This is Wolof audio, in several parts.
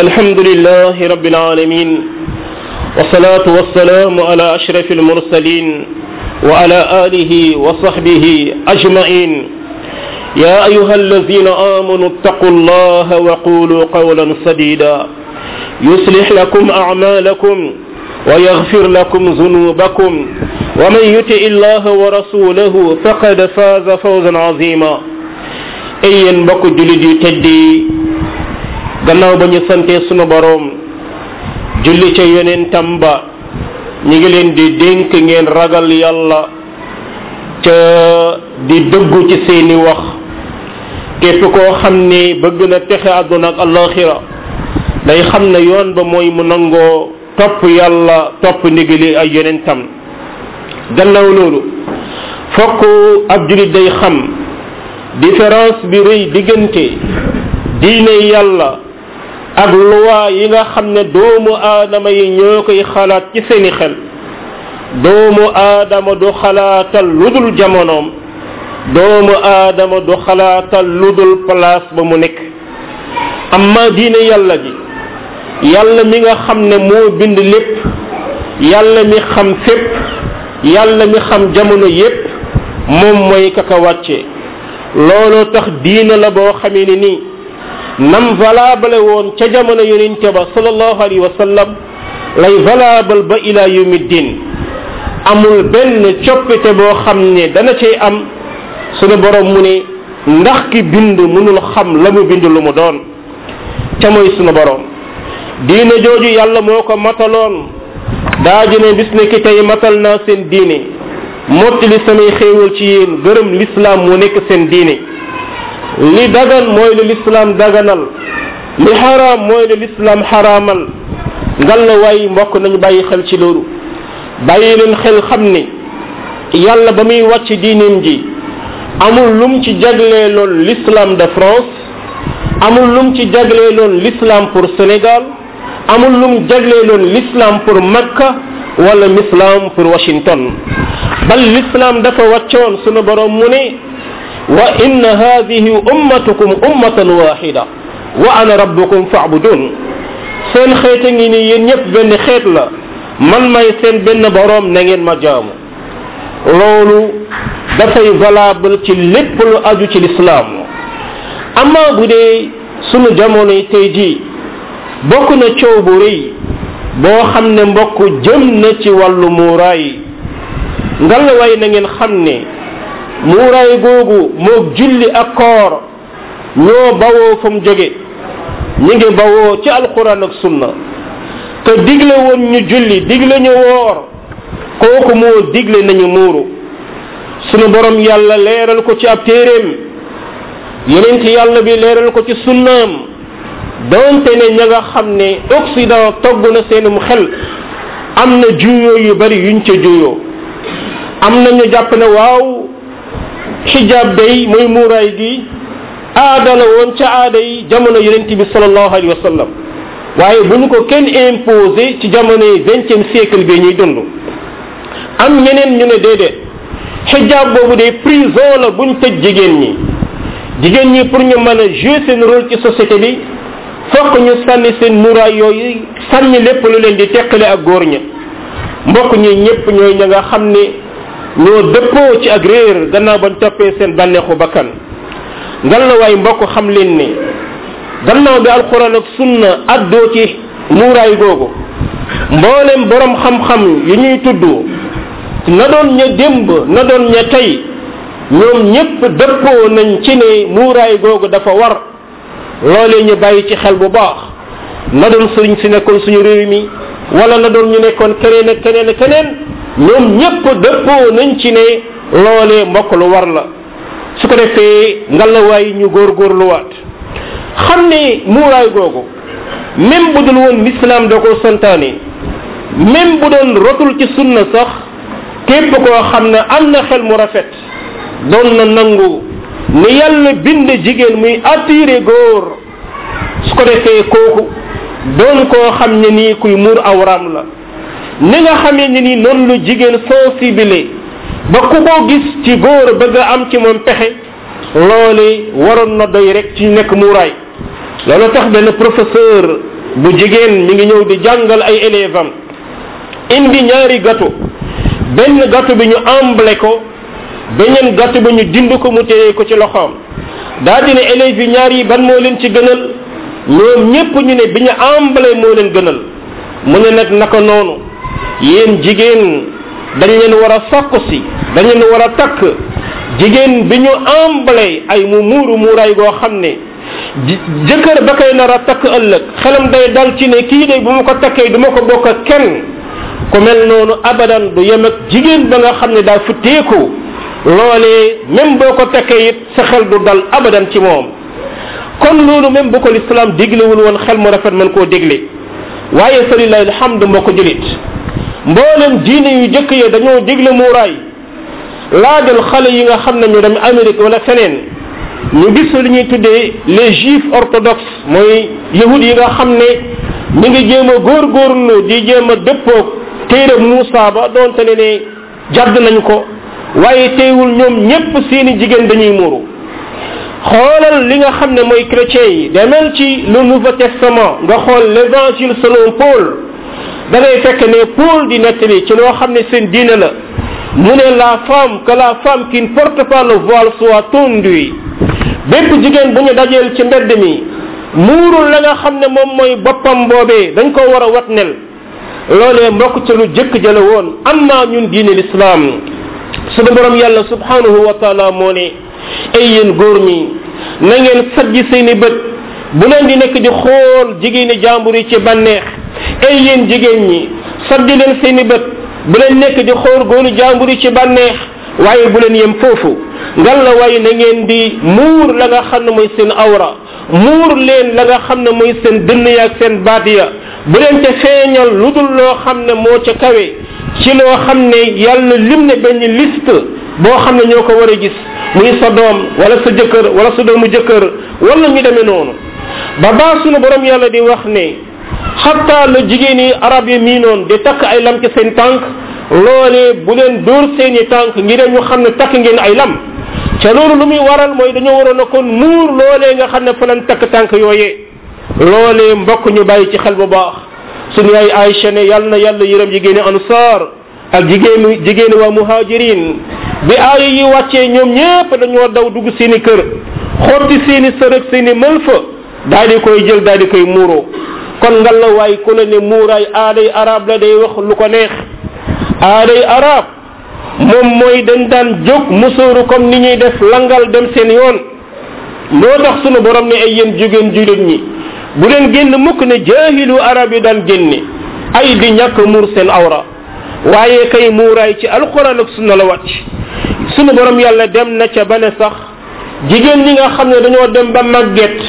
alhamdulilah rabil aalamiin wasalaatu wasalaam ala ashrafi almursaliin wa ala aalihi wa saxbihi ajma'iin yaa ayyuhal laziina aamanuu ittaqu llaaha wa quuluu qawlan sadiidan yuslih lakum a'maalakum wa yaghfir lakum zunuubakum wa man yuti'i llaaha wa rasuulahu faqad faaza fawzan 'aziimaa. Ay yéen mbokk jullit yu tedd yi gannaaw ba ñu santee sunu boroom julli ca yonentam ba ñu ngi leen di dénk ngeen ragal yàlla ca di dëggu ci seeni wax képp koo xam ne bëgg na texe àdduna ak alaxira day xam ne yoon ba mooy mu nangoo topp yàlla topp ndigali ay yonentam gannaaw loolu fokk ab julit day xam différence bi rëy diggante diine yàlla ak luwaa yi nga xam ne doomu aadama yi ñoo koy xalaat ci seeni xel doomu aadama du xalaatal lu dul jamonoom doomu aadama du xalaatal lu dul place ba mu nekk amma diine yàlla gi yàlla mi nga xam ne moo bind lépp yàlla mi xam fépp yàlla mi xam jamono yépp moom mooy kaka wàcce looloo tax diine la boo xamee ni nii nam valable woon ca jamono yonente ba sallallahu alayhi wa sallam lay valable ba ila yawmiddin amul benn coppite boo xam ne dana cay am sunu borom mu ne ndax ki bind mënul xam la mu bind lu mu doon ca mooy sunu borom diine jooju yàlla moo ko mataloon daa ne bis ne ki tey matal naa seen diine mottali samay xéewal ci yéen gërëm lislaam mu nekk seen diine li dagan mooy li lislaam daganal li xaraam mooy li lislaam xaraamal ngal la waay mbokk nañu bàyyi xel ci loolu bàyyi leen xel xam ni yàlla ba muy wàcc diineem ji amul lum ci jaglee loon l'islam de France amul lum ci jaglee loon l'islam pour Sénégal amul lum jaglee loon l'islam pour Makka wala l'islam pour Washington bal l'islam dafa wàccoon sunu borom mu ne wa inna haadihi ummatukum ummatan waxida wa ana rabbukum faabudun seen xeeta ngi nii yéen ñëpp benn xeet la man may seen benn boroom na ngeen ma jaamu loolu dafay valable ci lépp lu aju ci lislaam amaa bu dee sunu jamono yi tey jii bokk na coow bu boo xam ne mbokk jëm na ci wàllu muuraay ngalawaay na ngeen xam ne muuraay googu moog julli ak koor ñoo bawoo fa mu jóge ñi ngi bawoo ci alquran ak sunna te digle woon ñu julli digle ñu woor kooku moo digle nañu muuru sunu boroom yàlla leeral ko ci ab téeréem yeneen ci yàlla bi leeral ko ci sunnaam donte ne ña nga xam ne occident togg na seenum xel am na juyoo yu bari yuñ ci juyoo am na ñu jàpp ne waaw xijaab day mooy muuraay gi aada la woon ca aada yi jamono yonent bi sallallahu alayhi wa sallam waaye bu ñu ko kenn imposé ci jamono yi vingtième siècle bi ñuy dund am ñeneen ñu ne de xijaab boobu de prison la buñ tëj jigéen ñi jigéen ñi pour ñu mën a jouer seen rôle ci société bi fokk ñu sànni seen muraay yooyu sànni lépp lu leen di teqale ak góor ña mbokk ñi ñëpp ñooy ña nga xam ne ñoo dëppoo ci ak réer gannaaw bañ toppee seen bànneexu bakkan ngal na waay mbokk xam leen ne gannaaw bi alquran ak sunna addoo ci muuraay googu mboolem boroom xam-xam yu ñuy tudd na doon ña démb na doon ña tey ñoom ñépp dëppoo nañ ci ne muuraay googu dafa war loolee ñu bàyyi ci xel bu baax na doon sëriñ si nekkoon suñu réew mi wala na doon ñu nekkoon keneen ak keneen ak keneen ñoom ñépp dëppoo nañ ci ne loolee mbokk lu war la su ko defee ngalawaay ñu góorgóorluwaat xam ne muuraay googu même bu dul woon lislaam doo ko santaane même bu doon rotul ci sunna sax képp koo xam ne am na xel mu rafet doon na nangu ne yàlla bind jigéen muy attiré góor su ko defee kooku doon koo xam ne nii kuy muur awraam la ni nga xamee ni ni noonu lu jigéen sensible ba ku ko gis ci góor bëgg a am ci moom pexe loolu waroon na doy rek ci nekk muuraay loolu tax benn professeur bu jigéen mi ngi ñëw di jàngal ay élève indi ñaari gâteau benn gâteau bi ñu emblé ko beneen gàtt ba ñu dind ko mu téye ko ci loxoom daa di ne élèves yi ñaar yi ban moo leen ci gënal ñoom ñépp ñu ne bi ñu embalé moo leen gënal mu ne nag naka noonu yéen jigéen dañu leen war a sàkku si dañ leen war a takk jigéen bi ñu embale ay mu muuru muuraay goo xam ne jëkkër ba koy nar a takk ëllëg xelam day dal ci ne kii de bu ma ko takkee du ma ko bokk ak kenn ku mel noonu abadan du yem ak jigéen ba nga xam ne daa futteeku loolee même boo ko takkee it sa xel du dal abadan ci moom kon loolu même bu ko lislaam diglewul woon xel mu rafet mën koo digle waaye fa lillahi alhamdu ko julit mbooleem diine yu jëkk ya dañoo digle muuraay laajal xale yi nga xam ne ñu dem Amérique wala feneen ñu gis li ñuy tuddee les juifs orthodoxes mooy yahud yi nga xam ne ñu ngi jéem góor góorgóorlu di jéem a téere Muusa ba doonte ne ne jàdd nañ ko waaye teewul ñoom ñépp seeni jigéen dañuy muuru xoolal li nga xam ne mooy chrétien yi demel ci le nouveau testament nga xool l'évangile selon Paul da fekk ne Paul di nettali ci loo xam ne seen diine la mu ne la femme que la femme qui ne porte pas le voile soit tondue bépp jigéen bu ñu dajeel ci mbedd mi muurul la nga xam ne moom mooy boppam boobee dañ koo war a wat nel loolee mbokk ca lu jëkk jële woon am naa ñun diine lislaam sunu borom yàlla subhanahu wa taala moo ne ay yéen góor ñi na ngeen sajji seeni bët bu leen di nekk di xool jigéeni jàmbur yi ci bànneex ay yéen jigéen ñi sabdi leen seeni bët bu leen nekk di xóor góoru jàmbur yi ci bànneex waaye bu leen yem foofu ngal la waaye na ngeen di muur la nga xam ne mooy seen awra muur leen la nga xam ne mooy seen dënn ya seen baat ya bu leen te feeñal lu dul loo xam ne moo ca kawe ci loo xam ne yàlla lim ne benn liste boo xam ne ñoo ko war a gis muy sa doom wala sa jëkkër wala sa doomu jëkkër wala ñu demee noonu ba baa sunu borom yàlla di wax ne xataa la jigéen yi arab yi miinoon di takk ay lam ci seen tànk loolee bu leen dóor seeni tànk ngir ñu xam ne takk ngeen ay lam ca loolu lu muy waral mooy dañoo waroon a kon muur loolee nga xam ne fa takk tànk yooyee loolee mbokk ñu bàyyi ci xel bu baax suñu yaay Aïcha ne yàlla na yàlla yërëm jigéeni ansaar ak jigéenu jigéeni waa muhajirin bi aaya yi wàccee ñoom ñépp dañoo daw dugg seeni kër xotti seeni sërëg seeni mëlfa daal di koy jël daal di koy muuroo kon ngalla waay ku la ne muuraay aaday araab la day wax lu ko neex aaday arab moom mooy dañ daan jóg musóoru comme ni ñuy def langal dem seen yoon loo tax sunu borom ne ay yéen jógeen jullit ñi bu leen génn mukk ne jaahilu arab yi daan génne ay di ñàkk muur seen awra waaye kay muuraay ci alquran ak sunna la wàcc sunu borom yàlla dem na ca ba ne sax jigéen ñi nga xam ne dañoo dem ba màgget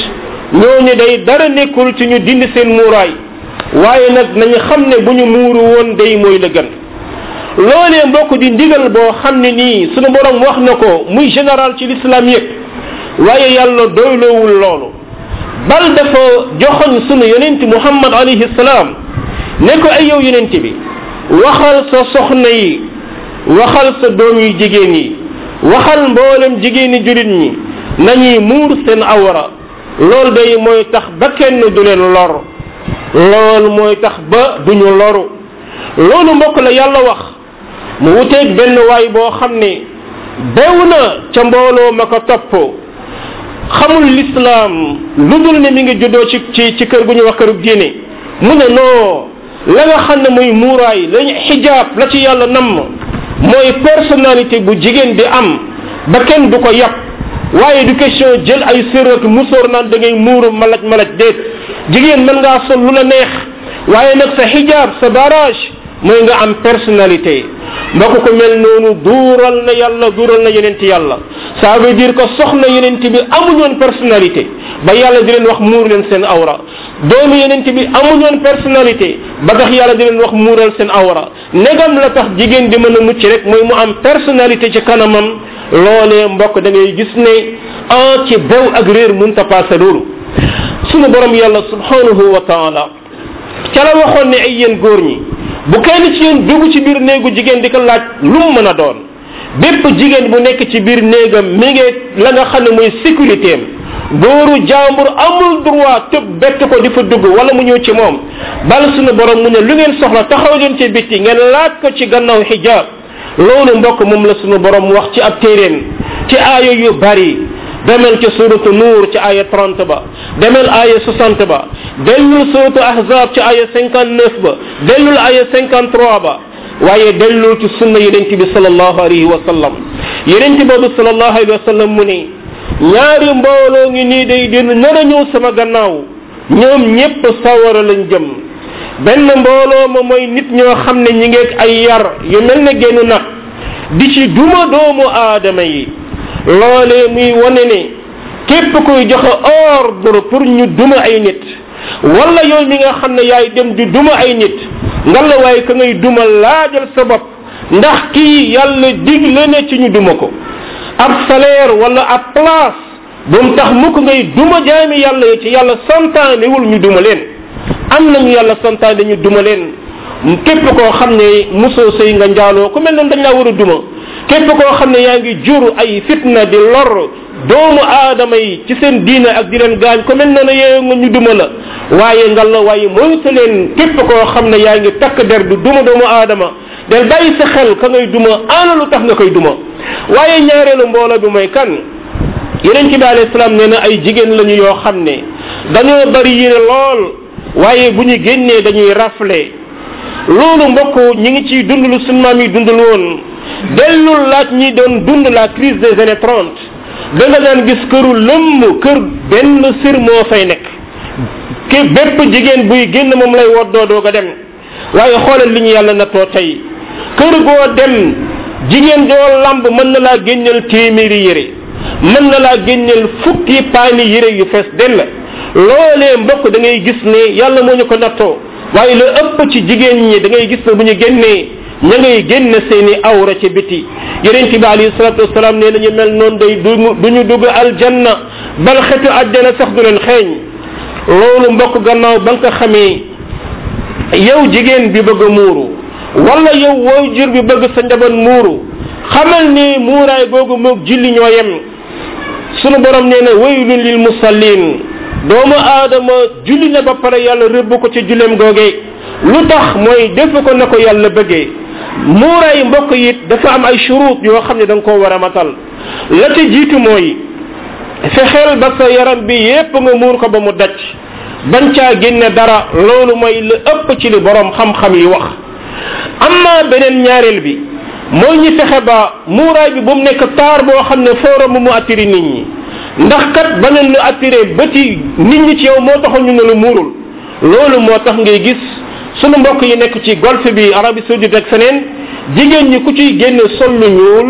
ñooñu day dara nekkul ci ñu dindi seen muuraay waaye nag nañu xam ne bu ñu muuru woon day mooy la gën loolee mbokk di ndigal boo xam ne nii sunu borom wax na ko muy général ci l'islam yëpp waaye yàlla doyloowul loolu bal dafa joxoñ sunu yonent muhammad alayhi salaam ne ko ay yow yonent bi waxal sa soxna yi waxal sa doom yu jigéen yi waxal mboolem jigéeni julit ñi nañuy muur seen awra loolu day mooy tax ba kenn du leen lor loolu mooy tax ba du loru loolu mbokk la yàlla wax mu wuteeg benn waay boo xam ne bew na ca mbooloo ma ko topp xamul lislaam lu dul ne mi ngi juddoo ci ci ci kër gu ñu wax këru diine mu ne noo la nga xam ne muy muuraay lañu xijaab la ci yàlla namm mooy personnalité bu jigéen di am ba kenn du ko yàpp waaye du question jël ay sératu musóor naan da ngay muuru malaj malaj déet jigéen mën ngaa sol lu la neex waaye nag sa xijaab sa barrage mooy nga am personnalité mbokk ko mel noonu duural na yàlla duural na yeneen ci yàlla ça veut dire que soxna yeneen bi amuñoon personnalité ba yàlla di leen wax muur leen seen awra doomu yeneen bi amu amuñoon personnalité ba tax yàlla di leen wax muural seen awra negam la tax jigéen di mën a mucc rek mooy mu am personnalité ci loolee mbokk da ngay gis ne ah ci bew ak réer mënta passé loolu sunu borom yàlla subhanahu wa taala ca la waxoon ne ay yéen góor ñi bu kenn ci yéen dugg ci biir néegu jigéen di ko laaj lu mu mën a doon bépp jigéen bu nekk ci biir néegam mi ngi la nga xam ne mooy sécurité am góoru jaambur amul droit tëb bett ko di fa dugg wala mu ñëw ci moom bal sunu boroom mu ne lu ngeen soxla taxaw leen ci bitti ngeen laaj ko ci gannaaw xijaab loolu mbokk moom la sunu borom wax ci ab téeréen ci aaya yu bari demel ci suratu nuur ci aaya 30 ba demel aaya 60 ba dellul suratu ahzab ci aaya 59 ba dellul aaya 53 ba waaye dellul ci sunna yonent bi sallallahu alayhi wa sallam yonent boobu sallallahu alayhi wa sallam mu ni ñaari mbooloo ngi nii day dén nar a ñëw sama gannaaw ñoom ñépp sawara lañ jëm benn mbooloo ma mooy nit ñoo xam ne ñi ngeeg ay yar yu mel ne génn nag di ci duma doomu aadama yi loolee muy wane ne képp koy joxe ordre pour ñu duma ay nit wala yow mi nga xam ne yaay dem di duma ay nit nga la waaye ka ngay duma laajal sa bopp ndax kii yàlla digle ne ci ñu duma ko ab salaire wala ab place bu mu tax mukk ngay duma jaami yàlla yi ci yàlla santaanewul ñu duma leen am nañu yàlla santaane dañu duma leen képp koo xam ne mosoo sëy nga njaaloo ku mel noonu dañ laa war a duma képp koo xam ne yaa ngi jur ay fitna di lor doomu aadama yi ci seen diina ak di leen gaañ ku mel noonu yeeyo nga ñu duma la waaye ngal la waaye moyta leen képp koo xam ne yaa ngi takk der du duma doomu aadama del bàyyi sa xel ka ngay duma ana lu tax nga koy duma waaye ñaareelu mbooloo bi mooy kan yeneen ci bi alayhi salaam nee na ay jigéen lañu yoo xam ne waaye bu ñu génnee dañuy rafle loolu mbokk ñi ngi ciy dund lu sunu yi dundul woon dellul laaj ñi doon dund la crise de années trente da nga daan gis këru lëmm kër benn sër moo fay nekk ke bépp jigéen buy génn moom lay woddoo doog a dem waaye xoolal li ñu yàlla nattoo tey kër goo dem jigéen joo lamb mën na laa génneel téeméeri yére mën na laa génneel fukki paani yére yu fees dell loolee mbokk da ngay gis ne yàlla moo ñu ko nattoo waaye la ëpp ci jigéen ñi da ngay gis ne bu ñu génnee ña ngay génne seeni awra ci biti yonent bi alayhi salatu wasalaam nee nañu day du du ñu dugg aljanna bal xetu àjjana sax du leen xeeñ loolu mbokk gannaaw ba nga ko xamee yow jigéen bi bëgg a muuru wala yow wooy jur bi bëgg sa njaboot muuru xamal ni muuraay googu moog julli ñoo yem sunu borom nee na waylun lil musallin doomu aadama julli na ba pare yàlla rëbb ko ci julleem googee lu tax mooy def ko na ko yàlla bëggee muuraay mbokk yi dafa am ay shuruut yoo xam ne danga nga koo war a matal la ca jiitu mooy fexeel ba sa yaram bi yépp nga muur ko ba mu daj bañ caa génne dara loolu mooy lu ëpp ci li borom xam-xam yi wax amma beneen ñaareel bi mooy ñu fexe ba muuraay bi bu mu nekk taar boo xam ne foora mu mu attiri nit ñi ndax kat baleen lu attiré bëti nit ñi ci yow moo taxoon ñu ne la muurul loolu moo tax ngay gis sunu mbokk yi nekk ci golfe bi Arabie Saoudite ak feneen jigéen ñi ku ciy génn sol lu ñuul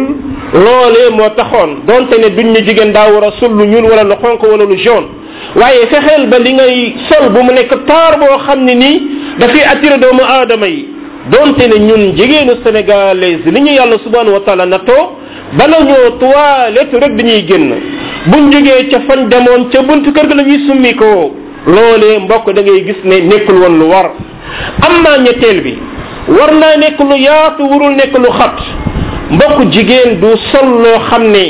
loole moo taxoon donte ne duñ ne jigéen daa war a sol lu ñuul wala lu xonq wala lu jaune waaye fexeel ba li ngay sol bu mu nekk taar boo xam ne nii dafay attiré doomu aadama yi doonte ne ñun jigéenu sénégalaise ni ñu yàlla subhanahu wa taala nattoo bala ñoo toilette rek dañuy génn buñ jógee ca fan demoon ca buntu kër gi la ñuy summikoo loolee mbokk dangay gis ne nekkul woon lu war am naa ñetteel bi war naa nekk lu yaatu wurul nekk lu xat mbokk jigéen du sol loo xam ne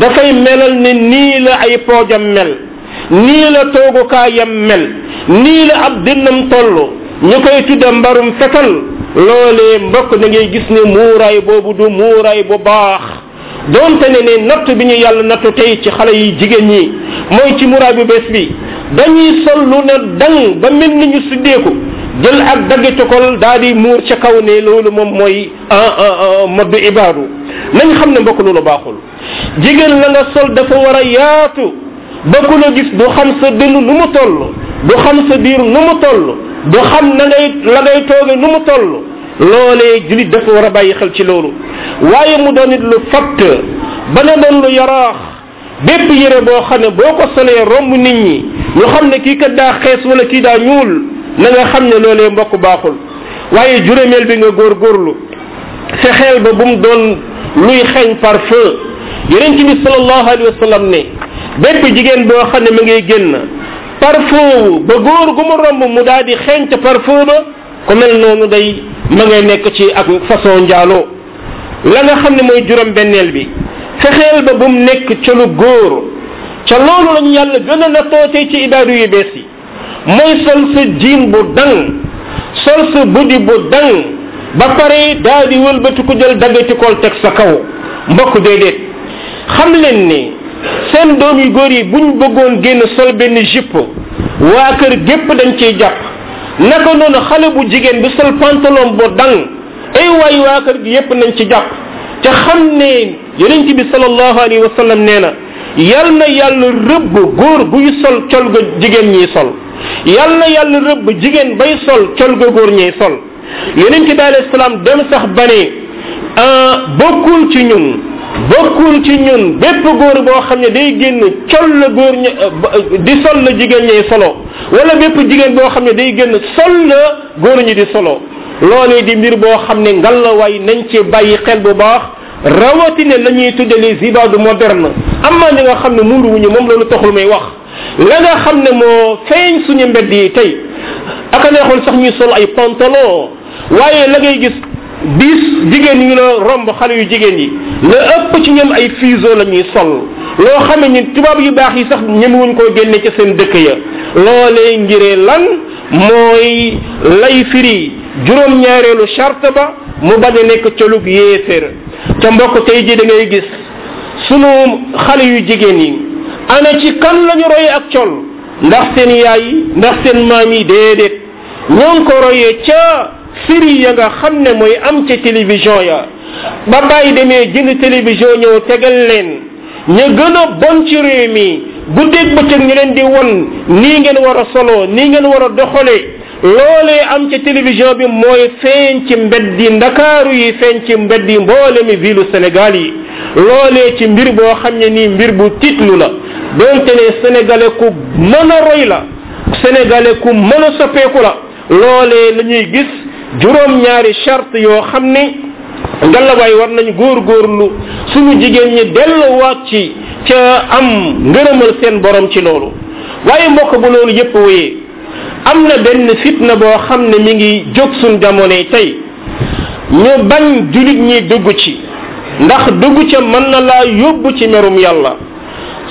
dafay melal ne nii la ay poojam mel nii la toogukaayam mel nii la ab dënnam toll ñu koy tudda mbarum fetal loolee mbokk da ngay gis ne muuraay boobu du muuraay bu baax doonte ne ne natt bi ñu yàlla nattu tey ci xale yi jigéen ñi mooy ci muraay bu bees bi dañuy sol lu ne dang ba mel ni ñu siddeeku ak dagg cokol daa di muur ca kaw ne loolu moom mooy moddu ibaadu nañ xam ne mbokk loolu baaxul jigéen la nga sol dafa war a yaatu ba ku la gis du xam sa dënn nu mu toll du xam sa biir nu mu toll du xam na ngay la ngay tooge nu mu toll loolee julit dafa war a bàyyi xel ci loolu waaye mu doon it lu fatt ba ne doon lu yaraax bépp yére boo xam ne boo ko solee romb nit ñi ñu xam ne kii kat daa xees wala kii daa ñuul na nga xam ne loolee mbokk baaxul waaye juróomeel bi nga góor góorgóorlu fexeel ba bu mu doon luy xeeñ par feu yeneen ci bi sallallahu ne bépp jigéen boo xam ne ma ngay génn parfum wu ba góor gu mu romb mu daal di xeeñ ca parfum ba ku mel noonu day ma ngay nekk ci ak façon njaaloo la nga xam ne mooy juróom-benneel bi fexeel ba bu mu nekk ca lu góor ca loolu lañu yàlla gën a nattootee ci ibaadu yu bees yi mooy sol sa jiin bu dang sol sa buddi bu dang ba pare daal di wëlbati ku jël daggati kool teg sa kaw mbokk déedéet xam leen ni seen doom yu góor yi bu ñu bëggoon génn sol benn jupe waa kër gépp dañ ciy jàpp naka noonu xale bu jigéen bi sol pantalon bu dang ay waay waa kër gi yépp nañ ci jàpp te xam ne yonent bi salallahu alayhi wa sallam nee na yal na yàlla rëbb góor guy sol col ga jigéen ñiy sol yal na yàlla rëbb jigéen bay sol col ga góor ñiy sol yonent bi alayhi salaam dem sax ba ne ah, bokkul ci ñun bokkul ci ñun bépp góor boo xam ne day génn col la góor ña di sol la jigéen ñay solo wala bépp jigéen boo xam ne day génn sol la góor ñi di solo loolee di mbir boo xam ne waaye nañ ci bàyyi xel bu baax rawatine la ñuy tudde les ibaadu moderne amaa ñi nga xam ne wu ñu moom loolu taxul may wax la nga xam ne moo feeñ suñu mbedd yi tey aka neexul sax ñuy sol ay pantalon waaye la ngay gis bis jigéen ngi la romb xale yu jigéen yi la ëpp ci ñoom ay fiso la ñuy sol loo xamee ni tubaab yu baax yi sax ñemewuñ koo génne ca seen dëkk ya loolee ngiree lan mooy lay firi juróom-ñaareelu charte ba mu bañ a nekk colug yéeféer ca mbokk tey ji dangay gis sunu xale yu jigéen yi ana ci kan lañu roy ak col ndax seen yaay yi ndax seen maam yi déedéet ñoo ngi ko royee ca série ya nga xam ne mooy am ca télévision ya ba bàyyi demee jënd télévision ñëw tegal leen ña gën a bon ci réew mi guddeeg bëccëg ñu leen di won nii ngeen war a solo nii ngeen war a doxale loolee am ca télévision bi mooy feeñ ci mbeddi ndakaaru yi feeñ ci mbeddi mboole mi ville Sénégal yi loole ci mbir boo xam ne nii mbir bu tiitlu la donte ne sénégalais ku mën a roy la sénégalais ku mën a soppeeku la loole lañuy ñuy gis juróom-ñaari charte yoo xam ne ngalawaay war nañu góor góorgóorlu suñu jigéen ñi delluwaat ci ca am ngërëmal seen borom ci loolu waaye mbokk bu loolu yépp wéyee am na benn fitna boo xam ne mi ngi jóg jamono yi tey ñu bañ julit ñi dugg ci ndax dugg ca mën na laa yóbbu ci merum yàlla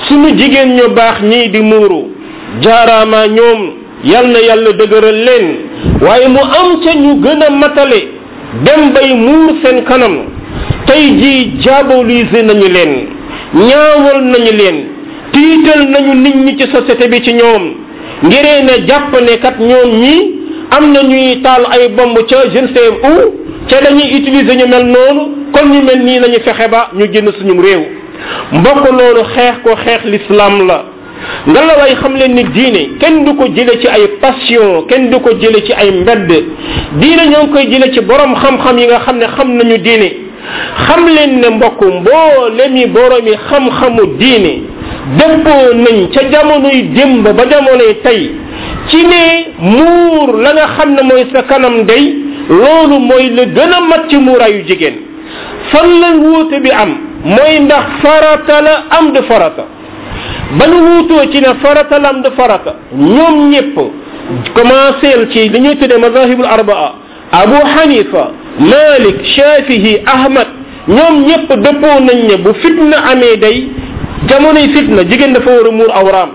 suñu jigéen ñu baax ñii di muuru jaaraama ñoom yal na yàlla dëgëral leen waaye mu am ca ñu gën a matale dem bay muur seen kanam tey jii diabolise nañu leen ñaawal nañu leen tiital nañu nit ñi ci société bi ci ñoom ngiree ne jàpp kat ñoom ñi am na ñuy taal ay bomb ca je ne sais où ca dañuy utiliser ñu mel noonu kon ñu mel nii nañu fexe ba ñu génn suñu réew mbokk loolu xeex ko xeex l'islam la ngelaw ay xam leen ni diine kenn du ko jële ci ay passion kenn du ko jële ci ay mbedd diine ñoo ngi koy jële ci borom xam-xam yi nga xam ne xam nañu diine xam leen ne mbokk mboolem yi borom yi xam-xamu diine dëppoo nañ ca jamonoy démb ba jamonoy tey ci ne muur la nga xam na mooy sa kanam day loolu mooy la gën a mat ci muuraayu jigéen fan la wuute bi am mooy ndax farata am du farata ba nu wuutoo ci ne farata la am du farata ñoom ñëpp commencé ci li ñuy tuddee mazahibul arbaa abu hanifa malik shafihi ahmad ñoom ñëpp dëppoo nañ ne bu fitna amee day jamonoy fitna jigéen dafa war a muur awraam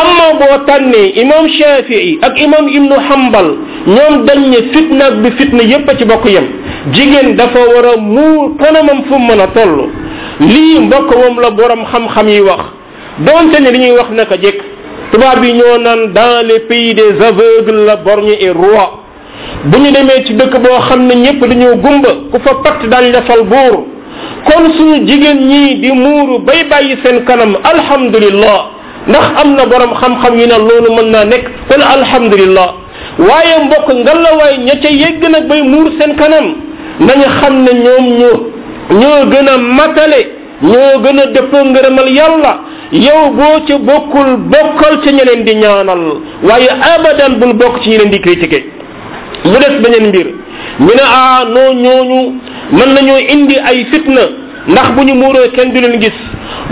amma boo tànnee imam Shafii ak imam ibnu Hambal ñoom dañ ne fitna ak bi fitna yépp a ci bokk yem jigéen dafa war a muur kanamam fu mën a toll lii mbokk moom la borom xam-xam yi wax donte ne li ñuy wax naka jekk tubaab yi ñoo naan dans les pays des aveugles la borgne et roi bu ñu demee ci dëkk boo xam ne ñépp dañoo gumba ku fa patt daañ la fal kon suñu jigéen ñi di muuru bay bàyyi seen kanam alhamdulillah ndax am na borom xam-xam yi ne loolu mën naa nekk kon alhamdulillah waaye mbokk la ña ca yegg nag bay muur seen kanam nañu xam na ñoom ñoo gëna gën matale ñoo gën a dëppoo ngërëmal yàlla yow boo ca bokkul bokkal ca ña di ñaanal waaye abadan bul bokk ci ñi di critiqué mu des beneen mbir ñu ne ah ñooñu mën nañoo indi ay fitna ndax bu ñu muuroo kenn du leen gis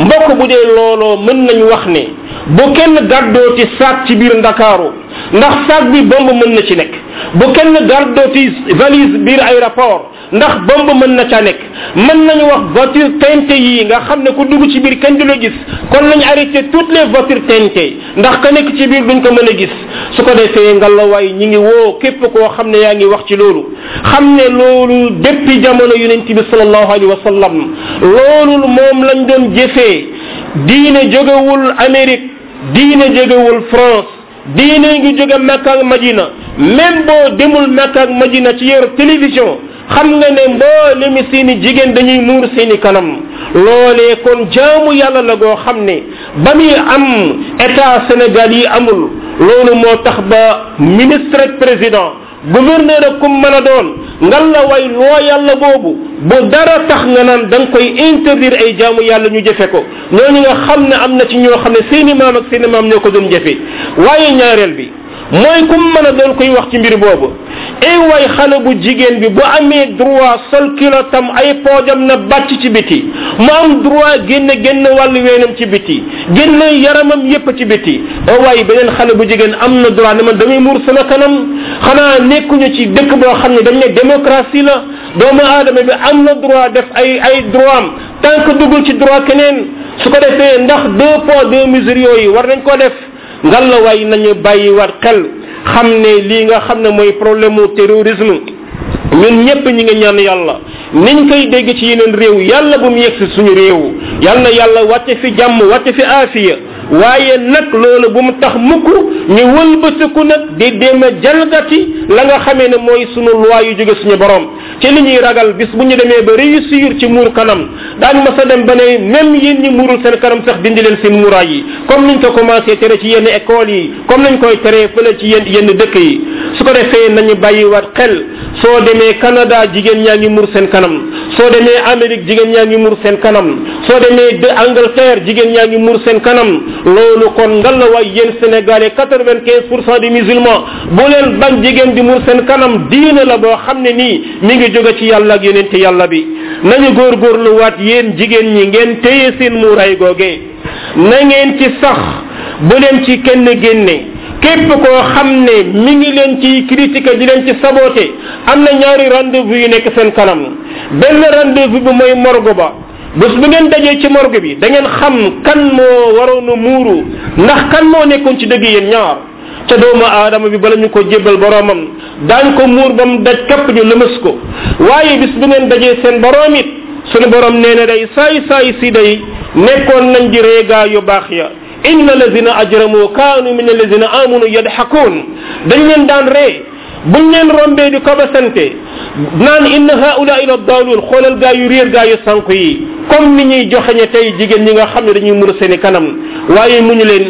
mbokk bu dee looloo mën nañu wax ni bu kenn gàddoo ci saat ci biir ndakaaru ndax saag bi bomb mën na ci nekk bu kenn gardooti valise biir aéroport ndax bomb mën na caa nekk mën nañu wax voiture teintée yi nga xam ne ku dugg ci biir kenn du la gis kon nañu arrêté toutes les voitures teintées ndax ka nekk ci biir duñ ko mën a gis su ko defee waaye ñi ngi woo képp koo xam ne yaa ngi wax ci loolu xam ne loolu depuis jamono yonent bi sallallahu alayhi wa sallam loolu moom lañ doon jëfee diine jógewul Amérique diine jógewul France diine ngi jóge Makka ak Madina même boo demul Makka ak Madina ci yor télévision xam nga ne mboolem seeni jigéen dañuy muur seeni kanam loolee kon jaamu yàlla la goo xam ne ba muy am état Sénégal yi amul loolu moo tax ba ministre ak président gouverneur ak kum mën a doon ngal la way loo yàlla boobu bu dara tax nga naan da koy interdire ay jaamu yàlla ñu jafe ko ñooñu nga xam ne am na ci ñoo xam ne seeni maam ak seeni maam ñoo ko doon jëfe waaye ñaareel bi mooy kum ma a doon koy wax ci mbir boobu ey way xale bu jigéen bi bu amee droit sol kilotam ay poojam na bàcc ci biti mu am droit génne génn wàllu weenam ci biti génne yaramam yépp ci biti o waaye beneen xale bu jigéen am na droit ne man damay muur sama kanam xanaa nekkuñu ci dëkk boo xam ne dañ ne démocratie la doomu aadama bi am na droit def ay ay droit am tant que duggul ci droit keneen su ko defee ndax deux poids deux mesures yooyu war nañ ko def ngalla waay nañu bàyyi war xel xam ne lii nga xam ne mooy problème mu terrorisme ñun ñëpp ñi nga ñaan yàlla niñ koy dégg ci yeneen réew yàlla bu mu yegsi suñu réew yàlla na yàlla wàcce fi jàmm wàcce fi aafiya waaye nag loolu bu mu tax mukk ñu wëlbatiku nag di dem a jalgati la nga xamee ne mooy sunu loi yu jóge suñu borom ci li ñuy ragal bis bu ñu demee ba réussir ci muur kanam daañu mas a dem ba ne même yéen ñu muurul seen kanam sax dindi leen seen muraay yi comme ñu ko commencé tere ci yenn écoles yi comme nañ koy teree fële ci yenn yenn dëkk yi su ko defee nañu bàyyiwaat xel soo demee kanadaa jigéen ñaa ngi muur seen kanam soo demee Amérique jigéen ñaa ngi mur seen kanam soo demee de Angleterre jigéen ñaa ngi muur seen kanam loolu kon ngal la waay yéen Sénégalais quatre-vingt-quinze pour cent des musulmans bu leen bañ jigéen di mur seen kanam diine la boo xam ne nii mi ngi jóge ci yàlla ak yonent yàlla bi nañu góor góorgóorluwaat yéen jigéen ñi ngeen téye seen muuraay googee na ngeen ci sax bu leen ci kenn génne képp koo xam ne mu ngi leen ci critique di leen ci saboté am na ñaari rendez-vous nekk seen kanam benn rendez-vous bi mooy morgue ba bés bu ngeen dajee ci morgue bi da ngeen xam kan moo waroon a muuru ndax kan moo nekkoon ci dëgg yéen ñaar te doomu aadama bi bala ñu ko jébbal boroomam daañ ko muur ba mu daj kapp ñu lëmas ko waaye bis bu ngeen dajee seen boroom it sunu borom nee na day saay saay si day nekkoon nañ di reegaa yu baax ya inna lazina ajramu kaanu min allazina amanu yadxakuun dañ leen daan ree buñ leen rombee di kobasante naan inna haula ila daaluun xoolal gaa yu réer gaa yu sànq yi comme ni ñuy joxeñe tey jigéen ñi nga xam ne dañuy mur seeni kanam waaye mu ñu leen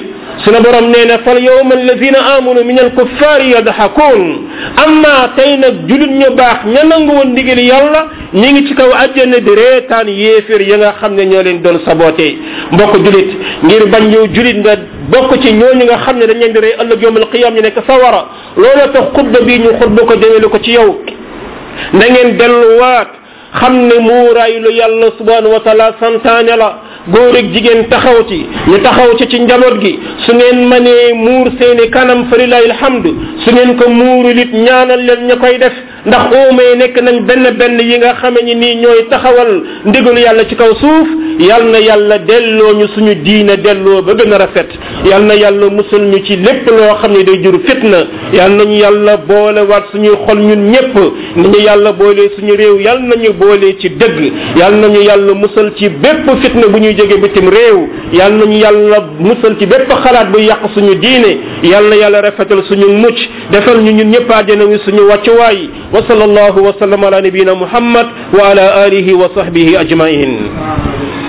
sunu borom nee na fal yowma alladina amanu min alkuffari yadxakuun amma tey nag julit ñu baax ña nangu woon ndigal yàlla ñi ngi ci kaw àjjana di reetaan yéeféer ya nga xam ne ñoo leen doon saboté mbokk julit ngir bañ yow julit nga bokk ci ñooñu nga xam ne dañ leen di rey ëllëg yowmal qiyam ñu nekk sawara looloo tax xutba bi ñu xutba ko jëmele ko ci yow na ngeen delluwaat xam ne muuraay lu yàlla subhanahu wa taala santaane la góor ak jigéen taxaw ci ñu taxaw ci ci njaboot gi su ngeen mënee muur seeni kanam fa lillahi alhamdu su ngeen ko muuru lit ñaanal leen ña koy def ndax ooma yi nekk nañ benn benn yi nga xame ni nii ñooy taxawal ndigalu yàlla ci kaw suuf yal na yàlla delloo ñu suñu diina delloo ba gën a rafet yal na yàlla musul ñu ci lépp loo xam ne day jur fitna yal boole waat boolewaat suñuy xol ñun ñépp ni ñu yàlla boole suñu réew yal nañu boole ci dëgg yal nañu yàlla musal ci bépp fitna bu ñuy jóge bitim réew yal nañu yàlla musal ci bépp xalaat bu yàq suñu diine yàlla yàlla rafetal suñu mucc defal ñu ñun ñëpp àjjana suñu wàccuwaay wa sallallahu wa sallam ala nabiyina muhammad wa ala alihi wa sahbihi ajmain